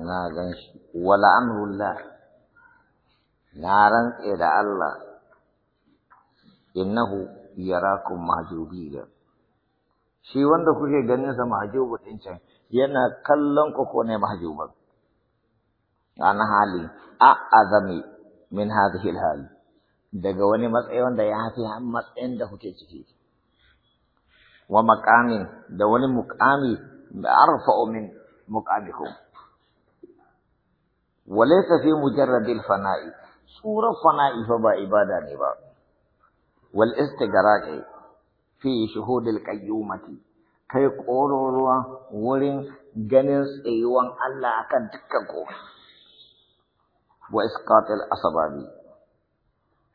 na gan shi wala amrullah na rantse da Allah innahu yarakum mahjubina shi wanda kuke ganin sa mahjubu din can yana kallon ku ko ne mahjuban ana hali a azami min hadhihi alhal daga wani matsayi wanda ya fi matsayin da kuke ciki wa maqamin da wani muqami arfa'u min muqamikum وليس في مجرد الفناء صورة فناء فبا عبادة نبا والاستقراء في شهود القيومة كي قولوا ورين جنس ايوان ألا أكاد تككو وإسقاط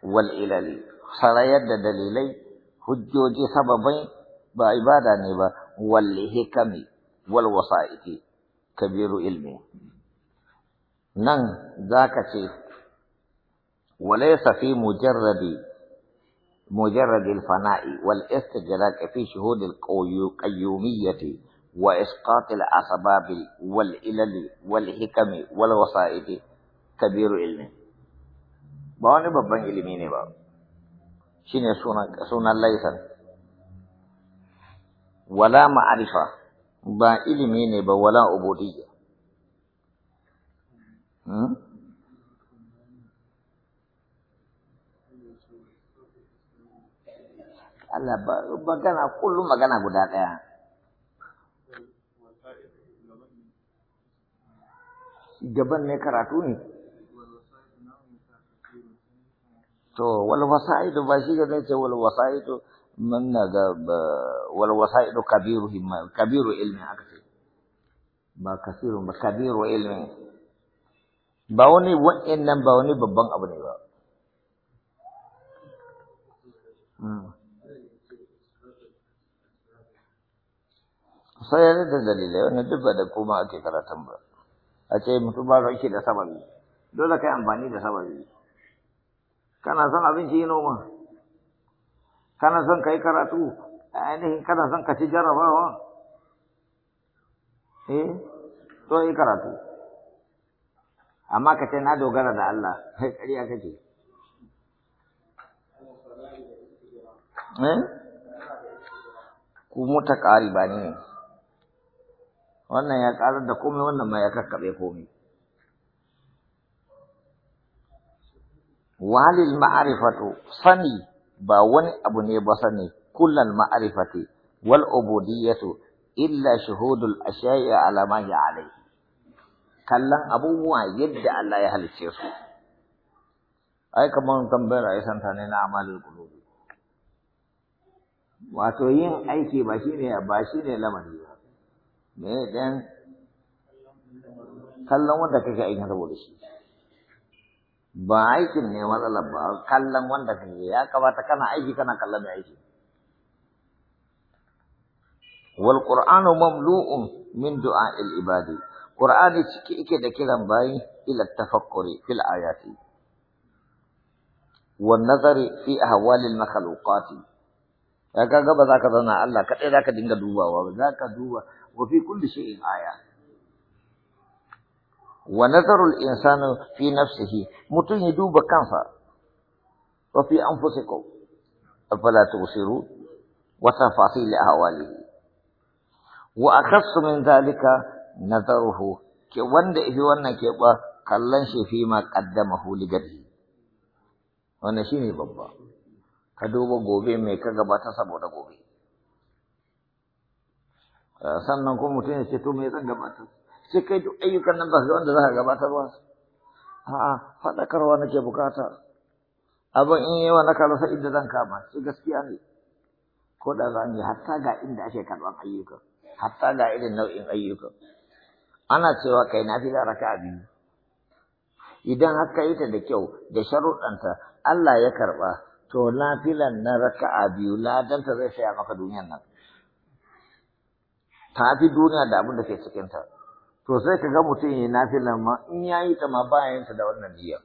والإلالي والإلل يد دليلي حجوجي سببين بعبادة نبا والهكم والوصائف كبير علمي نن ذاك شيء وليس في مجرد مجرد الفناء والاستجلاك في شهود القيومية وإسقاط الأسباب والإلل والحكم والوسائل كبير علم بواني ببن علميني باب شيني سونا ليسا ولا معرفة با علميني ولا عبودية Hmm? Allah magana kullum magana guda ɗaya. Gaban ne karatu ne? To, walwasa'idu ba shi gane ce walwasa'idu manna ga walwasa'idu kabiru himma, kabiru ilmi aka ce. Ba kasirun ba, kabiru ilmi. ba wani wa'annan ba wani babban abu ne ba hmm. sai ya da dalilai wani duk ba da koma ake karatun ba a ce mutum ba shi da sababi dole kai amfani da sababi kana son abinci yi noma kana son ka yi karatu ainihin kana son ka ci jarabawa eh to yi karatu amma ka ce na dogara da Allah sai ƙarya kake eh ku mota ba ne wannan ya ƙarar da komai wannan ma ya kakkaɓe komai walil ma'arifatu sani ba wani abu ne ba sani kullal ma'arifati wal ubudiyatu illa shuhudul ashayi ala ma ya alai kallon abubuwa yadda Allah ya halicce su ai kamar tambayar ai santa ne na amalul qulubi wato yin aiki ba ne ba ne lamari ba me dan kallon wanda kake aikin saboda shi ba aikin ne matsalar ba kallon wanda kake ya kamata kana aiki kana kallon da aiki wal qur'anu mamlu'un min du'a'il ibadi قرآن يتكي إكي دكيلاً باي إلى التفكر في الآيات والنظر في أهوال المخلوقات يكا قبل ذاك ظناء الله كتير ذاك دنگا دوبا وذاك دوبا وفي كل شيء آية ونظر الإنسان في نفسه متن يدوب كنفا وفي أنفسكم فلا تغسروا وتفاصيل أهواله وأخص من ذلك nazaruhu ke wanda ifi wannan ke ba kallon shi fi ma qaddamahu li gadi wannan shine babba ka duba gobe me ka gabata saboda gobe eh, sannan ko mutum ya ce to me zan gabata? sai kai duk ayyukan nan ba ga wanda za ka gabatar ba a'a faɗakarwa nake bukata abin in yawa na karasa inda zan kama shi gaskiya ne ko da za yi hatta ga inda ake karɓar ayyuka hatta ga irin nau'in ayyuka ana cewa kai nafila raka'a biyu idan haka yi ta da kyau da sharuɗanta Allah ya karɓa to nafilan na a biyu ladanta zai saya maka duniyan nan ta fi duniya da abin da ke cikinta to sai ka ga mutum ya nafilan ma in ya yi ta ma bayan ta da wannan jiya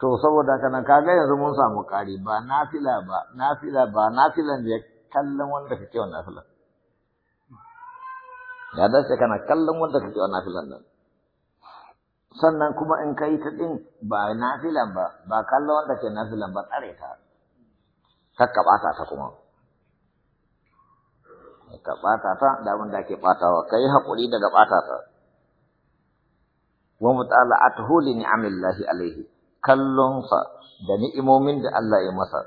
to saboda haka nan kaga yanzu mun samu ƙari ba nafila ba nafila ba nafilan da ya kallon wanda kake wa nafilan ya dace kana kallon wanda kake wa nafilan nan sannan kuma in kai ta din ba nafilan ba ba kallon wanda ke nafilan ba tsare ta ka bata ta kuma ka bata ta da wanda da ake batawa kai hakuri daga bata ta wa mutala'atuhu li ni'amillahi alaihi kallon sa da ni'imomin da Allah ya masa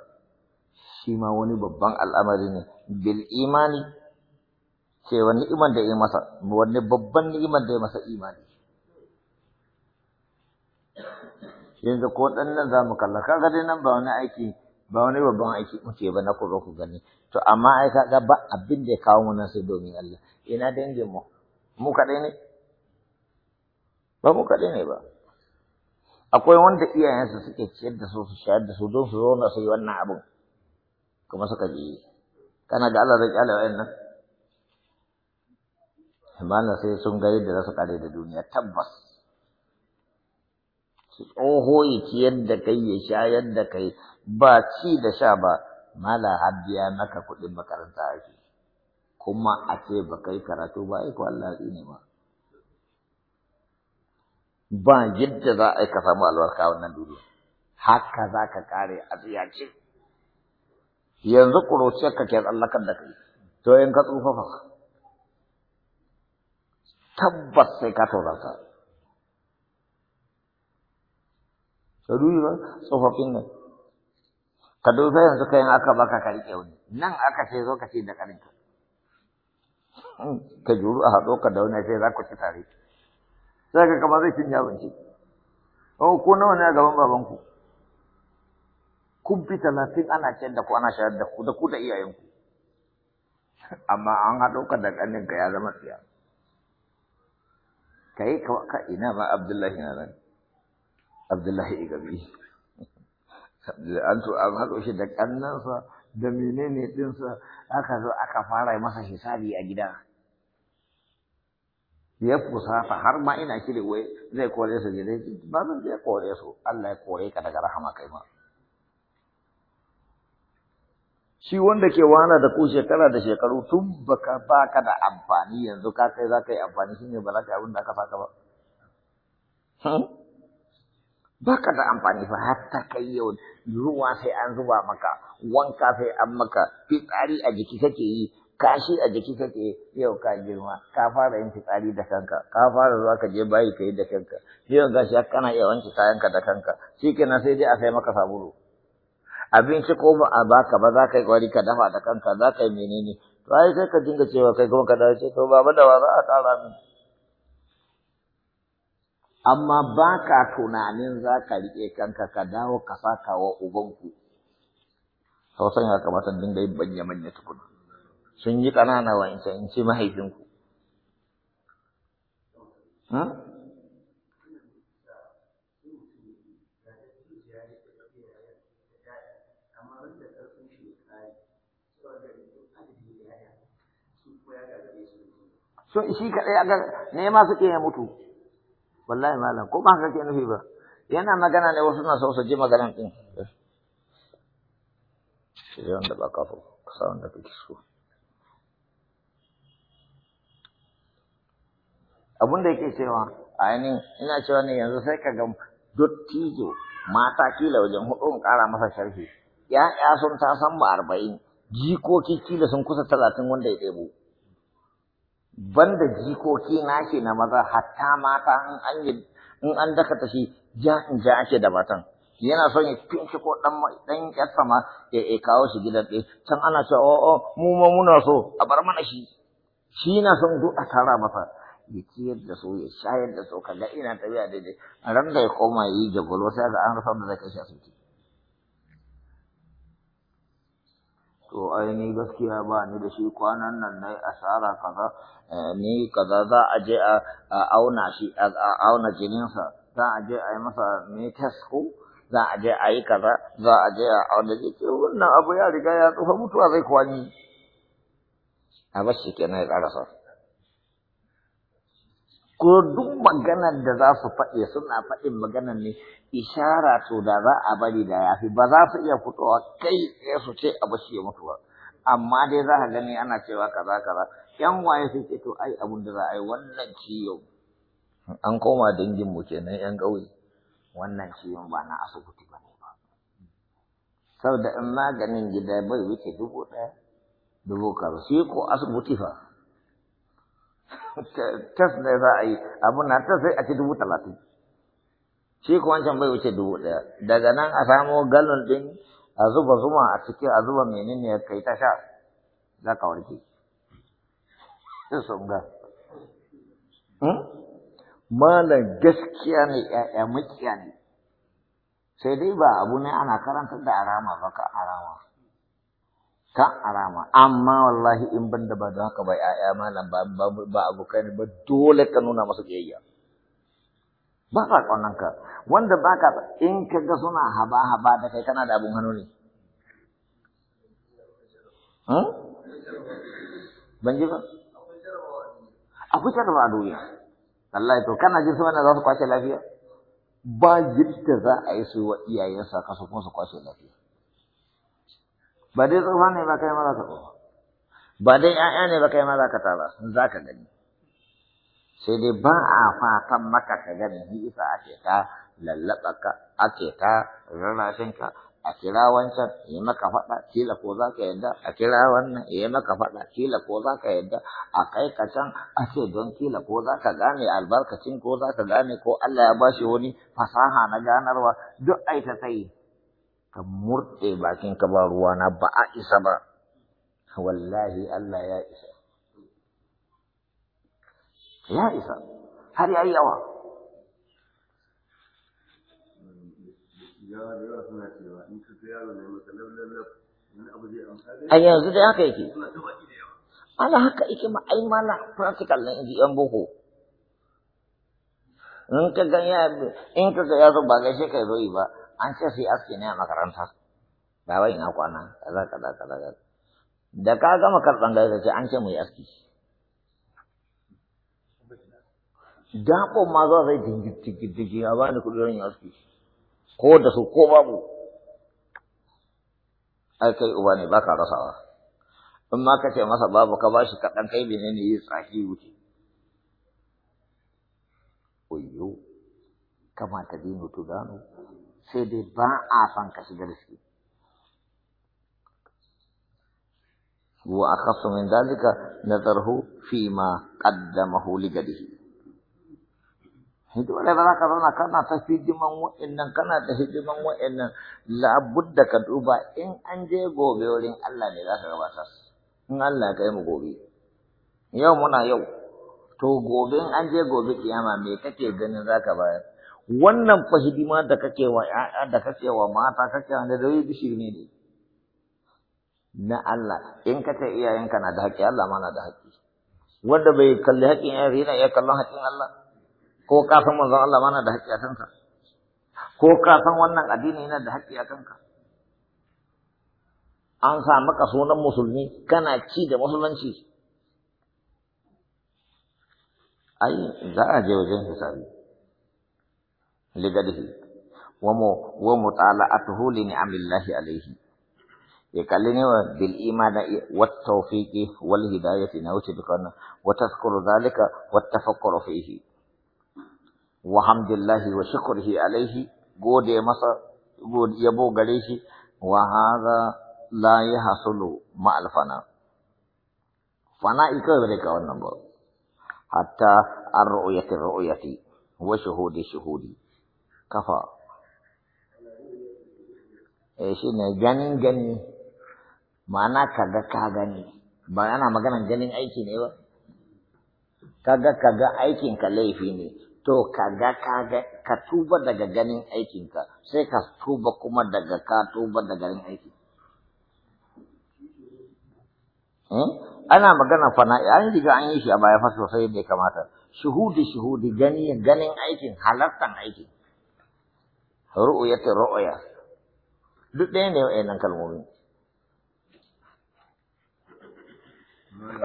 shi ma wani babban al'amari ne bil imani wani iman da ya masa wani babban iman da ya masa imani yanzu ko dan nan zamu kalla kaga dai nan ba wani aiki ba wani babban aiki muke ba na kuma ku gani to amma ai kaga ba abin da ya kawo mu nan sai domin Allah ina dangin mu mu kadai ne ba mu kadai ne ba akwai wanda iyayensu suke ciyar da su su shayar da su don su zauna su yi wannan abin kuma suka je kana ga Allah zai kyale nan. malam sai sun ga yadda za su kare da duniya tabbas su tsoho ya yadda kai ya sha yadda kai ba ci da sha ba mala habbiya maka kuɗin makaranta ake kuma a ce ba kai karatu ba aiko Allah ne ba yadda za a yi ka samu albarka wannan duniya haka za ka kare a ce. yanzu ce ka ke tsallakar da kai to in ka tsofafa tabbas sai ka taurata. ka dubi ba tsofaffin nan ka dubi yanzu kayan aka baka ka riƙe wani nan aka ce zo ka ce da ƙarinka hmm, ka juru a haɗo ka dauna sai za ku ci tare sai ka kama zai cin abinci oh ko nawa ne a gaban babanku kun fi talatin ana ciyar da ku ana shayar da ku da ku da iyayenku amma an haɗo ka da ƙaninka ya zama siya kai ka ina ma abdullahi na nan abdullahi igabi an to an hado shi da kannansa da menene ɗinsa aka zo aka fara masa hisabi a gida ya kusafa har ma ina kire wai zai kore su gida ba zan je kore su Allah ya kore ka daga rahama kai ma shi wanda ke wahala da ku shekara da shekaru tun baka baka da amfani yanzu ka kai za ka yi amfani shi ne ba za ka yi abin da aka saka ba baka da amfani har hatta kai yau ruwa sai an zuba maka wanka sai an maka fitsari a jiki kake yi kashi a jiki kake yau ka girma ka fara yin fitsari da kanka ka fara zuwa ka je bayi ka yi da kanka yau gashi kana iya wanke kayanka da kanka shi kenan sai dai a sai maka sabulu abinci ko ba a baka ba za ka yi kwari ka dafa da kanka za ka yi menene to ai sai ka dinga cewa kai kuma ka dawo to ba da wa a tsara min amma ba ka tunanin za ka riƙe kanka ka dawo ka saka wa ubanku hausan ya kamata dinga yin banya manya tukuna sun yi ƙanana wa in ce mahaifinku hmm? so shi kaɗai ne nema suke ya mutu wallahi malam ko ba haka ke nufi ba yana magana ne wasu na so su ji maganan ɗin shi wanda ba kafa kasa wanda kake so abin da yake cewa a yanin ina cewa ne yanzu sai ka ga dottijo mata kila wajen hudu in ƙara masa sharhi Ya ya'ya sun ta san mu arba'in jikoki kila sun kusa talatin wanda ya ɗebo banda jikoki nashi na maza hatta mata in an yi in an dakata shi ja in ja ake da matan yana son ya finci ko dan dan yarsa ma ya kawo shi gidan ɗaya can ana cewa o oh, o oh, mu ma muna so a bar mana shi shi na son duk a tara masa ya ciyar da su ya shayar da su kaga ina tabiya daidai a ran da ya koma yi jagoro, sai ga an rasa da zai kai shi asibiti to ai gaskiya ba ni da shi kwanan nan na asara kaza eh, ni kaza za a je a auna shi a auna jininsa za a je a yi masa ne test ko za a je a yi kaza za a je a auna shi wannan abu ya riga ya tsufa mutuwa zai kwani a bashi kenan ya karasa ko duk maganar da za su faɗi suna faɗin maganar ne ishara to da za a bari da yafi ba za su iya fitowa kai ya su ce abu shi ya mutuwa. amma dai za ka gani ana cewa kaza kaza yan waye su ce to ai abun da za a yi wannan ciwo an koma dangin mu kenan yan ƙauye wannan ciwon ba na asibiti ba ne ba saboda in maganin gida bai wuce dubu ɗaya dubu kaza sai ko asibiti fa tas ne za a yi abu na tas sai a ci dubu talatin shi ko wancan bai wuce dubu ɗaya daga nan a samo galon ɗin a zuba zuma a ciki a zuba menene ya kai ta sha za ka warke sai sun ga malam gaskiya ne 'ya'ya makiya ne sai dai ba abu ne ana karantar da arama ba ka arama ta arama amma wallahi in ban da ba don haka ba ya'ya malam ba ba abokai ba dole ka nuna masu kiyayya ba ka kwanan ka wanda ba ka in ka ga suna haba haba da kai kana da abun hannu ne ban ji ba akwai jarabawa a duniya wallahi to kana jin suna za su kwashe lafiya ba yadda za a yi su wa iyayensa kasu kuma su kwashe lafiya ba dai tsufa ne ba kai ma za ka tsufa ba dai ‘ya'ya ne ba kai ma za ka tara za ka gani sai dai ba a fatan maka ka gani ni isa ake ta lallaɓa ka ake ta rarrashin ka a kira wancan ya maka faɗa kila ko za ka yadda a kira wannan ya maka faɗa kila ko za ka yadda a kai ka can a ce don kila ko za ka gane albarkacin ko za ka gane ko Allah ya bashi wani fasaha na ganarwa duk aita ta tsayi ka murɗe bakin ka ba na ba a isa ba wallahi Allah ya isa ya isa har ya yi yawa a yanzu da haka yake ala haka yake ma practical na inji yan boko in ka ga ya in ka ga ya zo ba gaishe kai zo yi ba an ce sai aski ne a makaranta ba wai ina kwana kaza kaza kaza da ka gama da gaisa ce an ce mu yi aski daƙon ma za zai dingi-dingi-dingi a bani kuɗi don yi aski ko da su ko babu ai kai uba ne ba ka rasawa in ma ka ce masa babu ka ba shi kaɗan kai ne ne yi tsaki wuce oyo kamata dino to gano sai dai ba a san ka shiga riski wa akhassu min dalika nazarhu fi ma qaddamahu li gadihi ne ba za ka zauna kana ta hidiman wa'annan kana ta hidiman wa'annan budda ka duba in an je gobe wurin Allah ne za ka gabata in Allah kai mu gobe yau muna yau to gobe in an je gobe kiyama me kake ganin za ka bayar wannan fahidima da kake wa 'ya'ya da kake wa mata kake wa da dai shirme ne na Allah in ka ce iyayenka na da haƙƙi Allah ma na da haƙƙi wanda bai kalli haƙƙin ya yana ya kallon haƙƙin Allah ko ka san manzon Allah ma na da haƙƙi a kanka ko ka san wannan addini yana da haƙƙi a kanka an sa maka sunan musulmi kana ci da musulunci ai za a je wajen hisabi لجده ومطالعته لنعم الله عليه يكلني بالإيمان والتوفيق والهداية نوتبقا وتذكر ذلك والتفكر فيه وحمد الله وشكره عليه قود مصر قود يبو قريش وهذا لا يحصل مع الفناء فناء كذلك والنبو حتى الرؤية الرؤية وشهود شهودي kafa eh shi ne ganin gani ma'ana kaga ka gani ba ana maganan ganin aiki ne ba kaga kaga aikin ka laifi ne to kaga kaga ka tuba daga ganin aikin ka sai ka tuba kuma daga ka tuba daga ganin aiki eh? ana magana fana an riga an yi shi a baya fa sosai da kamata shuhudi shuhudi gani ganin aikin halartan aikin ru'yatu ru'ya duk ɗaya ne wa'annan kalmomin